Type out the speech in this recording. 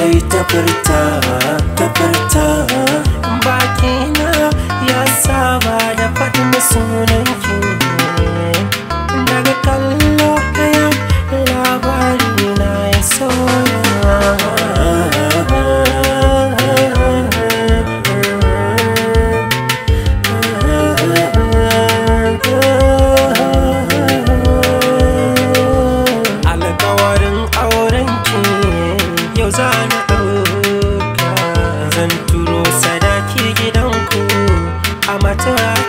kaita peritawa amatoa